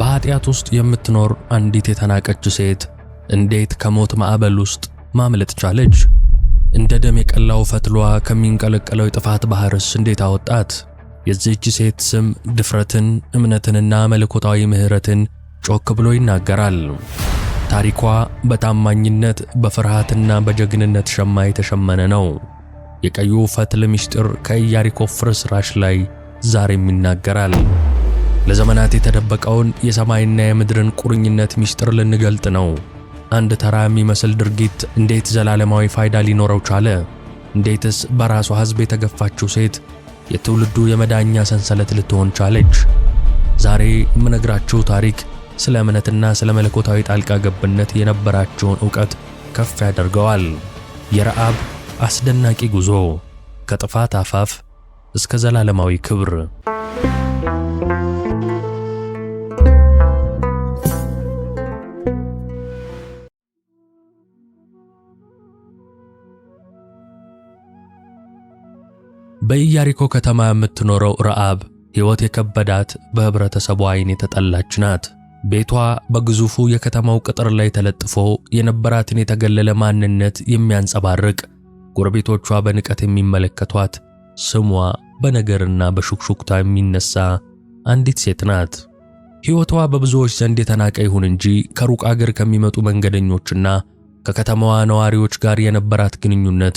በኃጢአት ውስጥ የምትኖር አንዲት የተናቀች ሴት እንዴት ከሞት ማዕበል ውስጥ ማምለጥ ቻለች? እንደ ደም የቀላው ፈትሏ ከሚንቀለቀለው የጥፋት ባህርስ እንዴት አወጣት? የዚህች ሴት ስም ድፍረትን፣ እምነትንና መለኮታዊ ምሕረትን ጮክ ብሎ ይናገራል። ታሪኳ በታማኝነት በፍርሃትና በጀግንነት ሸማ የተሸመነ ነው። የቀዩ ፈትል ምስጢር ከኢያሪኮ ፍርስራሽ ላይ ዛሬም ይናገራል። ለዘመናት የተደበቀውን የሰማይና የምድርን ቁርኝነት ምስጢር ልንገልጥ ነው። አንድ ተራ የሚመስል ድርጊት እንዴት ዘላለማዊ ፋይዳ ሊኖረው ቻለ? እንዴትስ በራሷ ሕዝብ የተገፋችው ሴት የትውልዱ የመዳኛ ሰንሰለት ልትሆን ቻለች? ዛሬ የምነግራችሁ ታሪክ ስለ እምነትና ስለ መለኮታዊ ጣልቃ ገብነት የነበራቸውን ዕውቀት ከፍ ያደርገዋል። የረዓብ አስደናቂ ጉዞ ከጥፋት አፋፍ እስከ ዘላለማዊ ክብር በኢያሪኮ ከተማ የምትኖረው ረዓብ ሕይወት የከበዳት በኅብረተሰቡ ዐይን የተጠላች ናት። ቤቷ በግዙፉ የከተማው ቅጥር ላይ ተለጥፎ የነበራትን የተገለለ ማንነት የሚያንጸባርቅ፣ ጎረቤቶቿ በንቀት የሚመለከቷት፣ ስሟ በነገርና በሹክሹክታ የሚነሳ አንዲት ሴት ናት። ሕይወቷ በብዙዎች ዘንድ የተናቀ ይሁን እንጂ ከሩቅ አገር ከሚመጡ መንገደኞችና ከከተማዋ ነዋሪዎች ጋር የነበራት ግንኙነት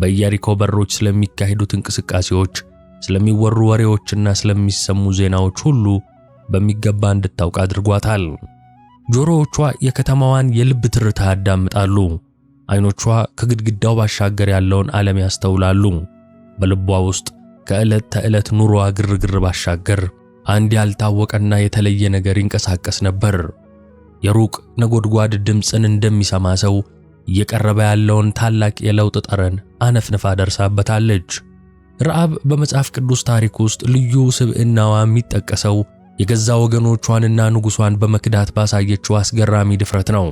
በኢያሪኮ በሮች ስለሚካሄዱት እንቅስቃሴዎች፣ ስለሚወሩ ወሬዎችና ስለሚሰሙ ዜናዎች ሁሉ በሚገባ እንድታውቅ አድርጓታል። ጆሮዎቿ የከተማዋን የልብ ትርታ ያዳምጣሉ። ዓይኖቿ ከግድግዳው ባሻገር ያለውን ዓለም ያስተውላሉ። በልቧ ውስጥ ከዕለት ተዕለት ኑሮዋ ግርግር ባሻገር አንድ ያልታወቀና የተለየ ነገር ይንቀሳቀስ ነበር። የሩቅ ነጎድጓድ ድምፅን እንደሚሰማ ሰው እየቀረበ ያለውን ታላቅ የለውጥ ጠረን አነፍንፋ ደርሳበታለች። ረዓብ በመጽሐፍ ቅዱስ ታሪክ ውስጥ ልዩ ስብዕናዋ የሚጠቀሰው የገዛ ወገኖቿንና ንጉሷን በመክዳት ባሳየችው አስገራሚ ድፍረት ነው።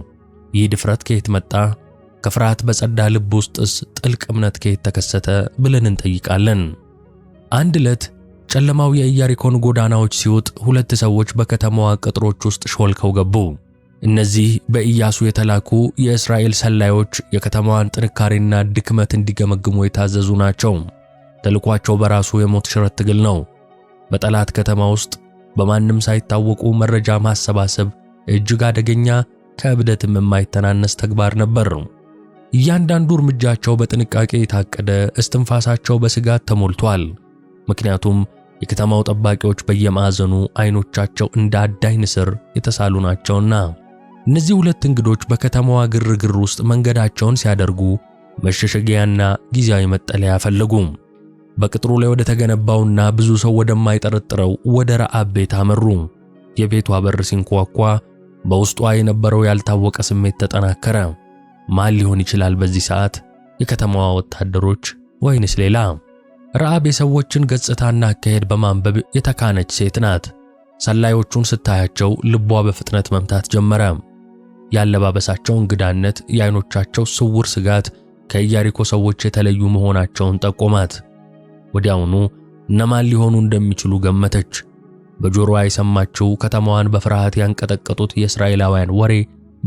ይህ ድፍረት ከየት መጣ? ከፍርሃት በጸዳ ልብ ውስጥስ ጥልቅ እምነት ከየት ተከሰተ? ብለን እንጠይቃለን። አንድ ዕለት ጨለማው የኢያሪኮን ጎዳናዎች ሲወጥ ሁለት ሰዎች በከተማዋ ቅጥሮች ውስጥ ሾልከው ገቡ። እነዚህ በኢያሱ የተላኩ የእስራኤል ሰላዮች የከተማዋን ጥንካሬና ድክመት እንዲገመግሙ የታዘዙ ናቸው። ተልኳቸው በራሱ የሞት ሽረት ትግል ነው። በጠላት ከተማ ውስጥ በማንም ሳይታወቁ መረጃ ማሰባሰብ እጅግ አደገኛ ከእብደትም የማይተናነስ ተግባር ነበር። እያንዳንዱ እርምጃቸው በጥንቃቄ የታቀደ፣ እስትንፋሳቸው በስጋት ተሞልቷል። ምክንያቱም የከተማው ጠባቂዎች በየማዕዘኑ አይኖቻቸው እንደ አዳኝ ንስር የተሳሉ ናቸውና። እነዚህ ሁለት እንግዶች በከተማዋ ግርግር ውስጥ መንገዳቸውን ሲያደርጉ መሸሸጊያና ጊዜያዊ መጠለያ ፈለጉ። በቅጥሩ ላይ ወደ ተገነባውና ብዙ ሰው ወደማይጠረጥረው ወደ ረዓብ ቤት አመሩ። የቤቷ በር ሲንኳኳ በውስጧ የነበረው ያልታወቀ ስሜት ተጠናከረ። ማን ሊሆን ይችላል በዚህ ሰዓት? የከተማዋ ወታደሮች ወይንስ ሌላ? ረዓብ የሰዎችን ገጽታና አካሄድ በማንበብ የተካነች ሴት ናት። ሰላዮቹን ስታያቸው ልቧ በፍጥነት መምታት ጀመረ። የአለባበሳቸው እንግዳነት፣ የአይኖቻቸው ስውር ስጋት ከኢያሪኮ ሰዎች የተለዩ መሆናቸውን ጠቆማት። ወዲያውኑ እነማን ሊሆኑ እንደሚችሉ ገመተች። በጆሮዋ የሰማችው ከተማዋን በፍርሃት ያንቀጠቀጡት የእስራኤላውያን ወሬ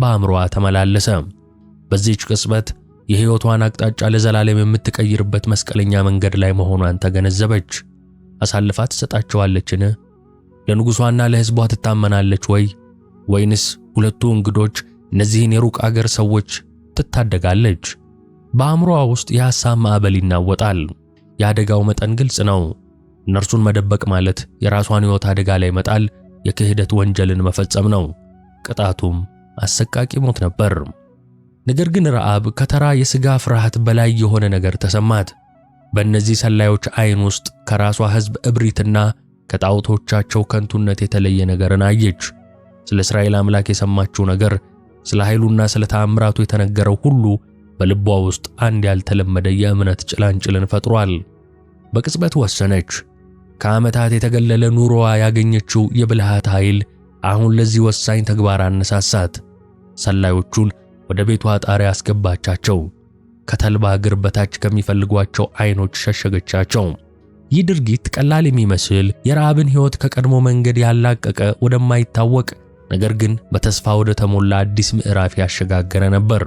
በአእምሮዋ ተመላለሰ። በዚህች ቅጽበት የሕይወቷን አቅጣጫ ለዘላለም የምትቀይርበት መስቀለኛ መንገድ ላይ መሆኗን ተገነዘበች። አሳልፋ ትሰጣቸዋለችን? ለንጉሷና ለሕዝቧ ትታመናለች ወይ? ወይንስ ሁለቱ እንግዶች እነዚህን የሩቅ አገር ሰዎች ትታደጋለች። በአእምሮዋ ውስጥ የሐሳብ ማዕበል ይናወጣል። የአደጋው መጠን ግልጽ ነው። እነርሱን መደበቅ ማለት የራሷን ሕይወት አደጋ ላይ መጣል፣ የክህደት ወንጀልን መፈጸም ነው። ቅጣቱም አሰቃቂ ሞት ነበር። ነገር ግን ረዓብ ከተራ የሥጋ ፍርሃት በላይ የሆነ ነገር ተሰማት። በእነዚህ ሰላዮች ዐይን ውስጥ ከራሷ ሕዝብ እብሪትና ከጣዖቶቻቸው ከንቱነት የተለየ ነገርን አየች። ስለ እስራኤል አምላክ የሰማችው ነገር ስለ ኃይሉና ስለ ተአምራቱ የተነገረው ሁሉ በልቧ ውስጥ አንድ ያልተለመደ የእምነት ጭላንጭልን ፈጥሯል። በቅጽበት ወሰነች። ከዓመታት የተገለለ ኑሮዋ ያገኘችው የብልሃት ኃይል አሁን ለዚህ ወሳኝ ተግባር አነሳሳት። ሰላዮቹን ወደ ቤቷ ጣሪያ አስገባቻቸው። ከተልባ እግር በታች ከሚፈልጓቸው አይኖች ሸሸገቻቸው። ይህ ድርጊት ቀላል የሚመስል የረዓብን ሕይወት ከቀድሞ መንገድ ያላቀቀ ወደማይታወቅ ነገር ግን በተስፋ ወደ ተሞላ አዲስ ምዕራፍ ያሸጋገረ ነበር።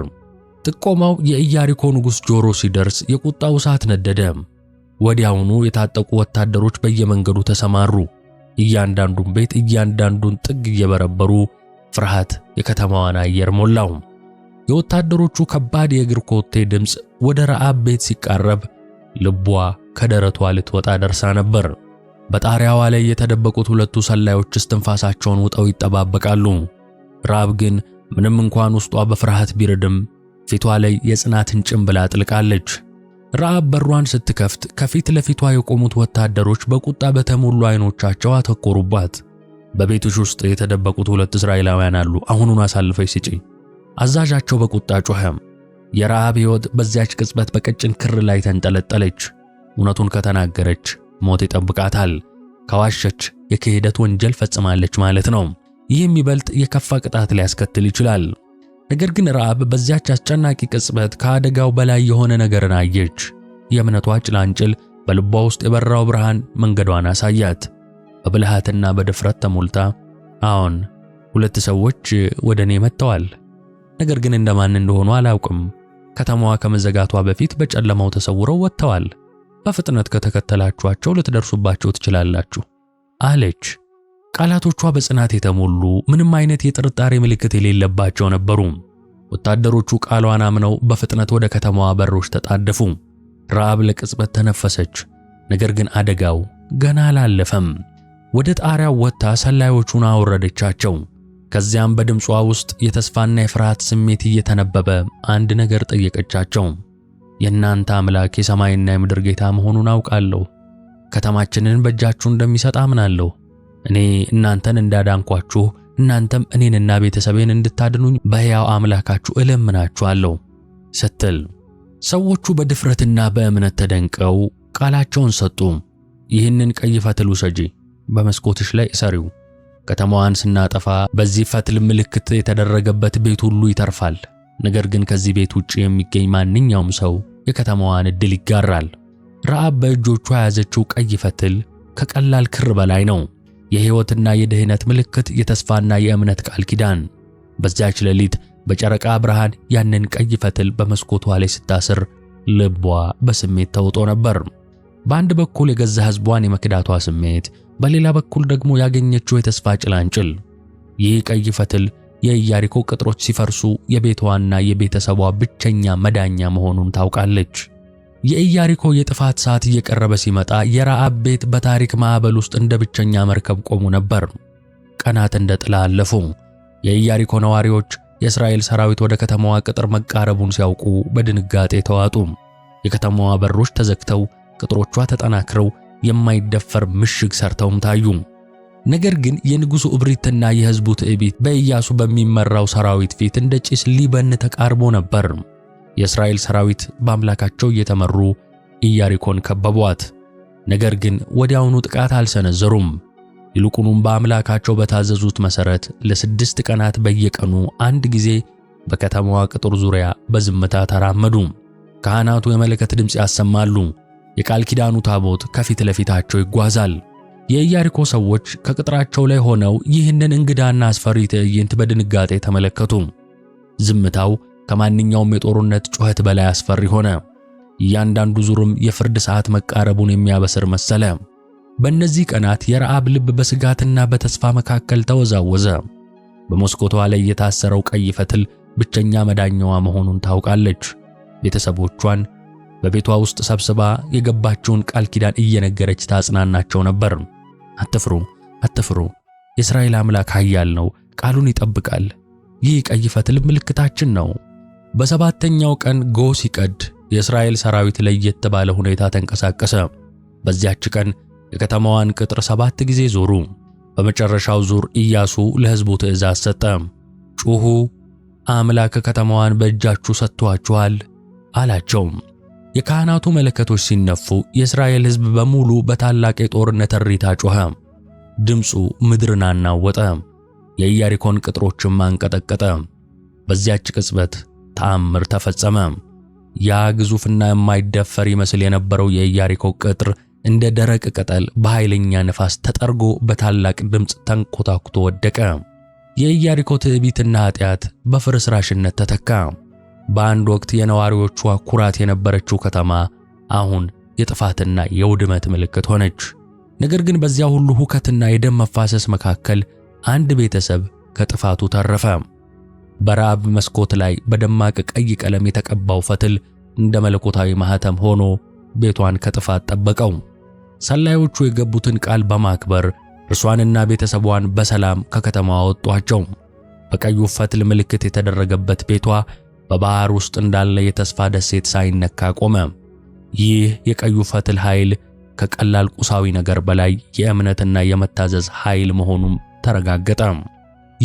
ጥቆማው የኢያሪኮ ንጉሥ ጆሮ ሲደርስ የቁጣው እሳት ነደደ። ወዲያውኑ የታጠቁ ወታደሮች በየመንገዱ ተሰማሩ። እያንዳንዱን ቤት፣ እያንዳንዱን ጥግ እየበረበሩ ፍርሃት የከተማዋን አየር ሞላው። የወታደሮቹ ከባድ የእግር ኮቴ ድምፅ ወደ ረዓብ ቤት ሲቃረብ ልቧ ከደረቷ ልትወጣ ደርሳ ነበር። በጣሪያዋ ላይ የተደበቁት ሁለቱ ሰላዮች እስትንፋሳቸውን ውጠው ይጠባበቃሉ። ራብ ግን ምንም እንኳን ውስጧ በፍርሃት ቢርድም ፊቷ ላይ የጽናትን ጭንብል አጥልቃለች። ረዓብ በሯን ስትከፍት ከፊት ለፊቷ የቆሙት ወታደሮች በቁጣ በተሞሉ አይኖቻቸው አተኮሩባት። በቤትሽ ውስጥ የተደበቁት ሁለት እስራኤላውያን አሉ፣ አሁኑን አሳልፈሽ ስጪ! አዛዣቸው በቁጣ ጮኸ። የረዓብ ሕይወት በዚያች ቅጽበት በቀጭን ክር ላይ ተንጠለጠለች። እውነቱን ከተናገረች ሞት ይጠብቃታል። ከዋሸች የክህደት ወንጀል ፈጽማለች ማለት ነው። ይህ የሚበልጥ የከፋ ቅጣት ሊያስከትል ይችላል። ነገር ግን ረዓብ በዚያች አስጨናቂ ቅጽበት ከአደጋው በላይ የሆነ ነገርን አየች። የእምነቷ ጭላንጭል፣ በልቧ ውስጥ የበራው ብርሃን መንገዷን አሳያት። በብልሃትና በድፍረት ተሞልታ አዎን፣ ሁለት ሰዎች ወደ እኔ መጥተዋል፣ ነገር ግን እንደማን እንደሆኑ አላውቅም። ከተማዋ ከመዘጋቷ በፊት በጨለማው ተሰውረው ወጥተዋል በፍጥነት ከተከተላችኋቸው ልትደርሱባቸው ትችላላችሁ አለች። ቃላቶቿ በጽናት የተሞሉ ምንም አይነት የጥርጣሬ ምልክት የሌለባቸው ነበሩ። ወታደሮቹ ቃሏን አምነው በፍጥነት ወደ ከተማዋ በሮች ተጣደፉ። ረዓብ ለቅጽበት ተነፈሰች። ነገር ግን አደጋው ገና አላለፈም። ወደ ጣሪያው ወጥታ ሰላዮቹን አወረደቻቸው። ከዚያም በድምጿ ውስጥ የተስፋና የፍርሃት ስሜት እየተነበበ አንድ ነገር ጠየቀቻቸው። የእናንተ አምላክ የሰማይና የምድር ጌታ መሆኑን አውቃለሁ። ከተማችንን በእጃችሁ እንደሚሰጥ አምናለሁ። እኔ እናንተን እንዳዳንኳችሁ እናንተም እኔንና ቤተሰቤን እንድታድኑኝ በሕያው አምላካችሁ እለምናችኋለሁ ስትል ሰዎቹ በድፍረትና በእምነት ተደንቀው ቃላቸውን ሰጡ። ይህንን ቀይ ፈትል ውሰጂ፣ በመስኮትሽ ላይ እሰሪው። ከተማዋን ስናጠፋ በዚህ ፈትል ምልክት የተደረገበት ቤት ሁሉ ይተርፋል። ነገር ግን ከዚህ ቤት ውጭ የሚገኝ ማንኛውም ሰው የከተማዋን ዕድል ይጋራል። ረዓብ በእጆቿ የያዘችው ቀይ ፈትል ከቀላል ክር በላይ ነው። የሕይወትና የደህነት ምልክት፣ የተስፋና የእምነት ቃል ኪዳን። በዚያች ሌሊት በጨረቃ ብርሃን ያንን ቀይ ፈትል በመስኮቷ ላይ ስታስር ልቧ በስሜት ተውጦ ነበር። በአንድ በኩል የገዛ ሕዝቧን የመክዳቷ ስሜት፣ በሌላ በኩል ደግሞ ያገኘችው የተስፋ ጭላንጭል። ይህ ቀይ ፈትል የኢያሪኮ ቅጥሮች ሲፈርሱ የቤቷና የቤተሰቧ ብቸኛ መዳኛ መሆኑን ታውቃለች። የኢያሪኮ የጥፋት ሰዓት እየቀረበ ሲመጣ የራአብ ቤት በታሪክ ማዕበል ውስጥ እንደ ብቸኛ መርከብ ቆሙ ነበር። ቀናት እንደ ጥላ አለፉ። የኢያሪኮ ነዋሪዎች የእስራኤል ሰራዊት ወደ ከተማዋ ቅጥር መቃረቡን ሲያውቁ በድንጋጤ ተዋጡ። የከተማዋ በሮች ተዘግተው፣ ቅጥሮቿ ተጠናክረው የማይደፈር ምሽግ ሰርተውም ታዩ። ነገር ግን የንጉሱ እብሪትና የህዝቡ ትዕቢት በኢያሱ በሚመራው ሰራዊት ፊት እንደ ጭስ ሊበን ተቃርቦ ነበር። የእስራኤል ሰራዊት በአምላካቸው እየተመሩ ኢያሪኮን ከበቧት። ነገር ግን ወዲያውኑ ጥቃት አልሰነዘሩም። ይልቁኑም በአምላካቸው በታዘዙት መሠረት ለስድስት ቀናት በየቀኑ አንድ ጊዜ በከተማዋ ቅጥር ዙሪያ በዝምታ ተራመዱ። ካህናቱ የመለከት ድምፅ ያሰማሉ። የቃል ኪዳኑ ታቦት ከፊት ለፊታቸው ይጓዛል። የኢያሪኮ ሰዎች ከቅጥራቸው ላይ ሆነው ይህንን እንግዳና አስፈሪ ትዕይንት በድንጋጤ ተመለከቱ። ዝምታው ከማንኛውም የጦርነት ጩኸት በላይ አስፈሪ ሆነ። እያንዳንዱ ዙርም የፍርድ ሰዓት መቃረቡን የሚያበስር መሰለ። በእነዚህ ቀናት የረዓብ ልብ በስጋትና በተስፋ መካከል ተወዛወዘ። በመስኮቷ ላይ የታሰረው ቀይ ፈትል ብቸኛ መዳኛዋ መሆኑን ታውቃለች። ቤተሰቦቿን በቤቷ ውስጥ ሰብስባ የገባቸውን ቃል ኪዳን እየነገረች ታጽናናቸው ነበር። አትፍሩ፣ አትፍሩ። የእስራኤል አምላክ ኃያል ነው፣ ቃሉን ይጠብቃል። ይህ ቀይ ፈትል ምልክታችን ነው። በሰባተኛው ቀን ጎህ ሲቀድ የእስራኤል ሰራዊት ለየት ባለ ሁኔታ ተንቀሳቀሰ። በዚያች ቀን የከተማዋን ቅጥር ሰባት ጊዜ ዞሩ። በመጨረሻው ዙር ኢያሱ ለሕዝቡ ትእዛዝ ሰጠ። ጩኹ፣ አምላክ ከተማዋን በእጃችሁ ሰጥቷችኋል አላቸውም። የካህናቱ መለከቶች ሲነፉ የእስራኤል ሕዝብ በሙሉ በታላቅ የጦርነት እሪታ ጮኸ። ድምፁ ምድርን አናወጠ፣ የኢያሪኮን ቅጥሮችም አንቀጠቀጠ። በዚያች ቅጽበት ተአምር ተፈጸመ። ያ ግዙፍና የማይደፈር ይመስል የነበረው የኢያሪኮ ቅጥር እንደ ደረቅ ቅጠል በኃይለኛ ነፋስ ተጠርጎ በታላቅ ድምፅ ተንኮታኩቶ ወደቀ። የኢያሪኮ ትዕቢትና ኃጢአት በፍርስራሽነት ተተካ። በአንድ ወቅት የነዋሪዎቿ ኩራት የነበረችው ከተማ አሁን የጥፋትና የውድመት ምልክት ሆነች። ነገር ግን በዚያ ሁሉ ሁከትና የደም መፋሰስ መካከል አንድ ቤተሰብ ከጥፋቱ ተረፈ። በራብ መስኮት ላይ በደማቅ ቀይ ቀለም የተቀባው ፈትል እንደ መለኮታዊ ማህተም ሆኖ ቤቷን ከጥፋት ጠበቀው። ሰላዮቹ የገቡትን ቃል በማክበር እርሷንና ቤተሰቧን በሰላም ከከተማዋ ወጧቸው። በቀዩ ፈትል ምልክት የተደረገበት ቤቷ በባህር ውስጥ እንዳለ የተስፋ ደሴት ሳይነካ ቆመ። ይህ የቀዩ ፈትል ኃይል ከቀላል ቁሳዊ ነገር በላይ የእምነትና የመታዘዝ ኃይል መሆኑም ተረጋገጠ።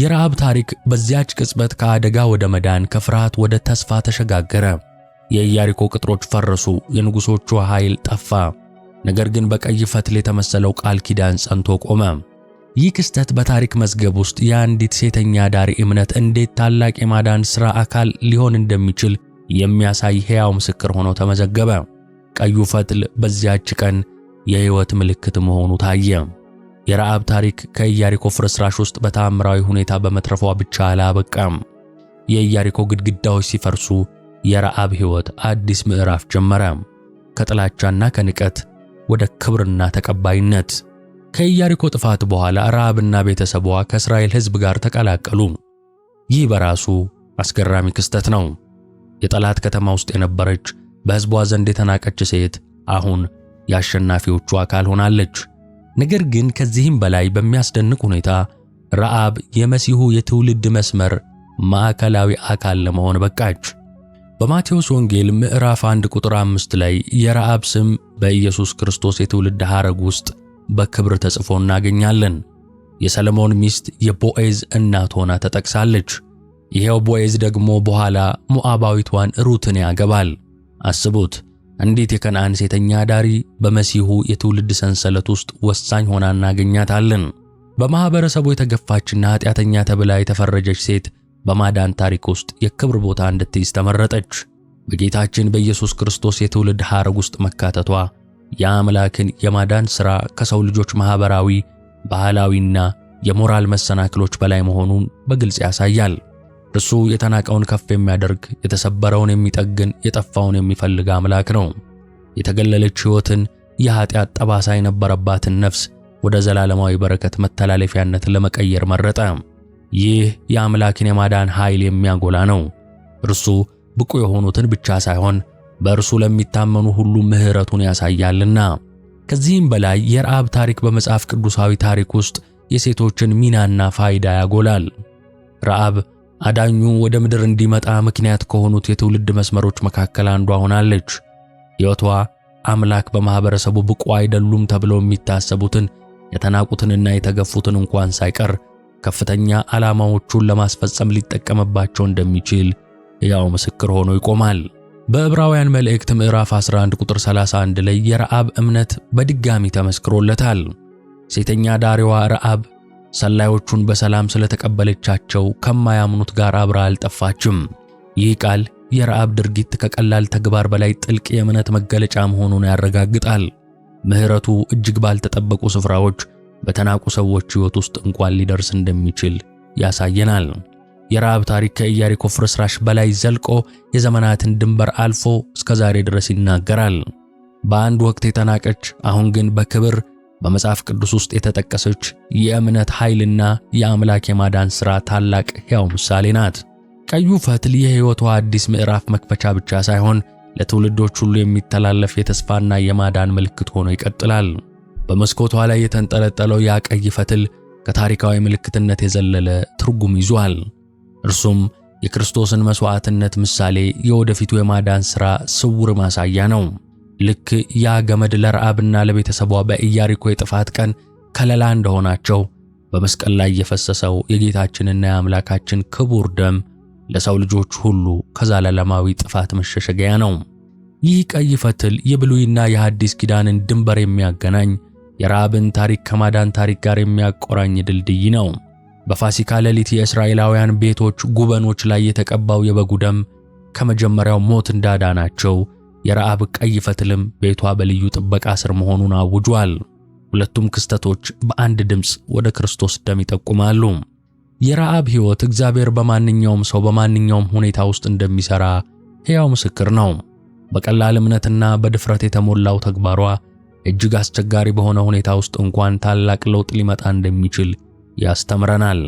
የረሃብ ታሪክ በዚያች ቅጽበት ከአደጋ ወደ መዳን፣ ከፍርሃት ወደ ተስፋ ተሸጋገረ። የኢያሪኮ ቅጥሮች ፈረሱ፣ የንጉሶቹ ኃይል ጠፋ። ነገር ግን በቀይ ፈትል የተመሰለው ቃል ኪዳን ጸንቶ ቆመ። ይህ ክስተት በታሪክ መዝገብ ውስጥ የአንዲት ሴተኛ ዳሪ እምነት እንዴት ታላቅ የማዳን ሥራ አካል ሊሆን እንደሚችል የሚያሳይ ሕያው ምስክር ሆኖ ተመዘገበ። ቀዩ ፈትል በዚያች ቀን የሕይወት ምልክት መሆኑ ታየ። የረዓብ ታሪክ ከኢያሪኮ ፍርስራሽ ውስጥ በተአምራዊ ሁኔታ በመትረፏ ብቻ አላበቃም። የኢያሪኮ ግድግዳዎች ሲፈርሱ የረዓብ ሕይወት አዲስ ምዕራፍ ጀመረ። ከጥላቻና ከንቀት ወደ ክብርና ተቀባይነት ከኢያሪኮ ጥፋት በኋላ ረዓብና ቤተሰቧ ከእስራኤል ሕዝብ ጋር ተቀላቀሉ። ይህ በራሱ አስገራሚ ክስተት ነው። የጠላት ከተማ ውስጥ የነበረች በሕዝቧ ዘንድ የተናቀች ሴት አሁን የአሸናፊዎቹ አካል ሆናለች። ነገር ግን ከዚህም በላይ በሚያስደንቅ ሁኔታ ረዓብ የመሲሁ የትውልድ መስመር ማዕከላዊ አካል ለመሆን በቃች። በማቴዎስ ወንጌል ምዕራፍ 1 ቁጥር 5 ላይ የረዓብ ስም በኢየሱስ ክርስቶስ የትውልድ ሐረግ ውስጥ በክብር ተጽፎ እናገኛለን። የሰለሞን ሚስት የቦኤዝ እናት ሆና ተጠቅሳለች። ይሄው ቦኤዝ ደግሞ በኋላ ሞዓባዊቷን ሩትን ያገባል። አስቡት እንዴት የከነዓን ሴተኛ አዳሪ በመሲሁ የትውልድ ሰንሰለት ውስጥ ወሳኝ ሆና እናገኛታለን። በማኅበረሰቡ የተገፋችና ኃጢአተኛ ተብላ የተፈረጀች ሴት በማዳን ታሪክ ውስጥ የክብር ቦታ እንድትይዝ ተመረጠች። በጌታችን በኢየሱስ ክርስቶስ የትውልድ ሐረግ ውስጥ መካተቷ የአምላክን የማዳን ሥራ ከሰው ልጆች ማኅበራዊ፣ ባህላዊና የሞራል መሰናክሎች በላይ መሆኑን በግልጽ ያሳያል። እርሱ የተናቀውን ከፍ የሚያደርግ፣ የተሰበረውን የሚጠግን፣ የጠፋውን የሚፈልግ አምላክ ነው። የተገለለች ሕይወትን፣ የኀጢአት ጠባሳ የነበረባትን ነፍስ ወደ ዘላለማዊ በረከት መተላለፊያነት ለመቀየር መረጠ። ይህ የአምላክን የማዳን ኃይል የሚያጎላ ነው። እርሱ ብቁ የሆኑትን ብቻ ሳይሆን በእርሱ ለሚታመኑ ሁሉ ምሕረቱን ያሳያልና። ከዚህም በላይ የረዓብ ታሪክ በመጽሐፍ ቅዱሳዊ ታሪክ ውስጥ የሴቶችን ሚናና ፋይዳ ያጎላል። ረዓብ አዳኙ ወደ ምድር እንዲመጣ ምክንያት ከሆኑት የትውልድ መስመሮች መካከል አንዷ ሆናለች። ሕይወቷ አምላክ በማኅበረሰቡ ብቁ አይደሉም ተብለው የሚታሰቡትን የተናቁትንና የተገፉትን እንኳን ሳይቀር ከፍተኛ ዓላማዎቹን ለማስፈጸም ሊጠቀምባቸው እንደሚችል ያው ምስክር ሆኖ ይቆማል። በዕብራውያን መልእክት ምዕራፍ 11 ቁጥር 31 ላይ የረዓብ እምነት በድጋሚ ተመስክሮለታል። ሴተኛ ዳሪዋ ረዓብ ሰላዮቹን በሰላም ስለተቀበለቻቸው ከማያምኑት ጋር አብራ አልጠፋችም። ይህ ቃል የረዓብ ድርጊት ከቀላል ተግባር በላይ ጥልቅ የእምነት መገለጫ መሆኑን ያረጋግጣል። ምሕረቱ እጅግ ባልተጠበቁ ስፍራዎች፣ በተናቁ ሰዎች ሕይወት ውስጥ እንኳን ሊደርስ እንደሚችል ያሳየናል። የረሃብ ታሪክ ከኢያሪኮ ፍርስራሽ በላይ ዘልቆ የዘመናትን ድንበር አልፎ እስከ ዛሬ ድረስ ይናገራል። በአንድ ወቅት የተናቀች አሁን ግን በክብር በመጽሐፍ ቅዱስ ውስጥ የተጠቀሰች የእምነት ኃይልና የአምላክ የማዳን ሥራ ታላቅ ሕያው ምሳሌ ናት። ቀዩ ፈትል የሕይወቷ አዲስ ምዕራፍ መክፈቻ ብቻ ሳይሆን ለትውልዶች ሁሉ የሚተላለፍ የተስፋና የማዳን ምልክት ሆኖ ይቀጥላል። በመስኮቷ ላይ የተንጠለጠለው ያ ቀይ ፈትል ከታሪካዊ ምልክትነት የዘለለ ትርጉም ይዟል። እርሱም የክርስቶስን መሥዋዕትነት ምሳሌ፣ የወደፊቱ የማዳን ሥራ ስውር ማሳያ ነው። ልክ ያ ገመድ ለረዓብና ለቤተሰቧ በኢያሪኮ የጥፋት ቀን ከለላ እንደሆናቸው በመስቀል ላይ የፈሰሰው የጌታችንና የአምላካችን ክቡር ደም ለሰው ልጆች ሁሉ ከዘላለማዊ ጥፋት መሸሸጊያ ነው። ይህ ቀይ ፈትል የብሉይና የሐዲስ ኪዳንን ድንበር የሚያገናኝ የረዓብን ታሪክ ከማዳን ታሪክ ጋር የሚያቆራኝ ድልድይ ነው። በፋሲካ ሌሊት የእስራኤላውያን ቤቶች ጉበኖች ላይ የተቀባው የበጉ ደም ከመጀመሪያው ሞት እንዳዳናቸው የረዓብ ቀይ ፈትልም ቤቷ በልዩ ጥበቃ ስር መሆኑን አውጇል። ሁለቱም ክስተቶች በአንድ ድምፅ ወደ ክርስቶስ ደም ይጠቁማሉ። የረዓብ ሕይወት እግዚአብሔር በማንኛውም ሰው በማንኛውም ሁኔታ ውስጥ እንደሚሠራ ሕያው ምስክር ነው። በቀላል እምነትና በድፍረት የተሞላው ተግባሯ እጅግ አስቸጋሪ በሆነ ሁኔታ ውስጥ እንኳን ታላቅ ለውጥ ሊመጣ እንደሚችል ያስተምረናል።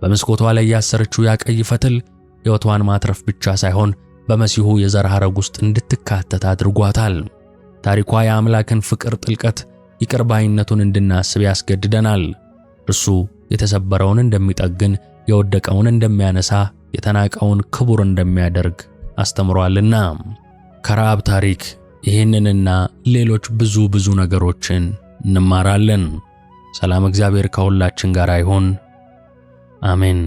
በመስኮቷ ላይ ያሰረችው ያ ቀይ ፈትል ሕይወቷን ማትረፍ ብቻ ሳይሆን በመሲሁ የዘር ሐረግ ውስጥ እንድትካተት አድርጓታል። ታሪኳ የአምላክን ፍቅር ጥልቀት፣ ይቅር ባይነቱን እንድናስብ ያስገድደናል። እርሱ የተሰበረውን እንደሚጠግን፣ የወደቀውን እንደሚያነሳ፣ የተናቀውን ክቡር እንደሚያደርግ አስተምሯልና። ከረዓብ ታሪክ ይህንንና ሌሎች ብዙ ብዙ ነገሮችን እንማራለን። ሰላም እግዚአብሔር ከሁላችን ጋር ይሁን። አሜን።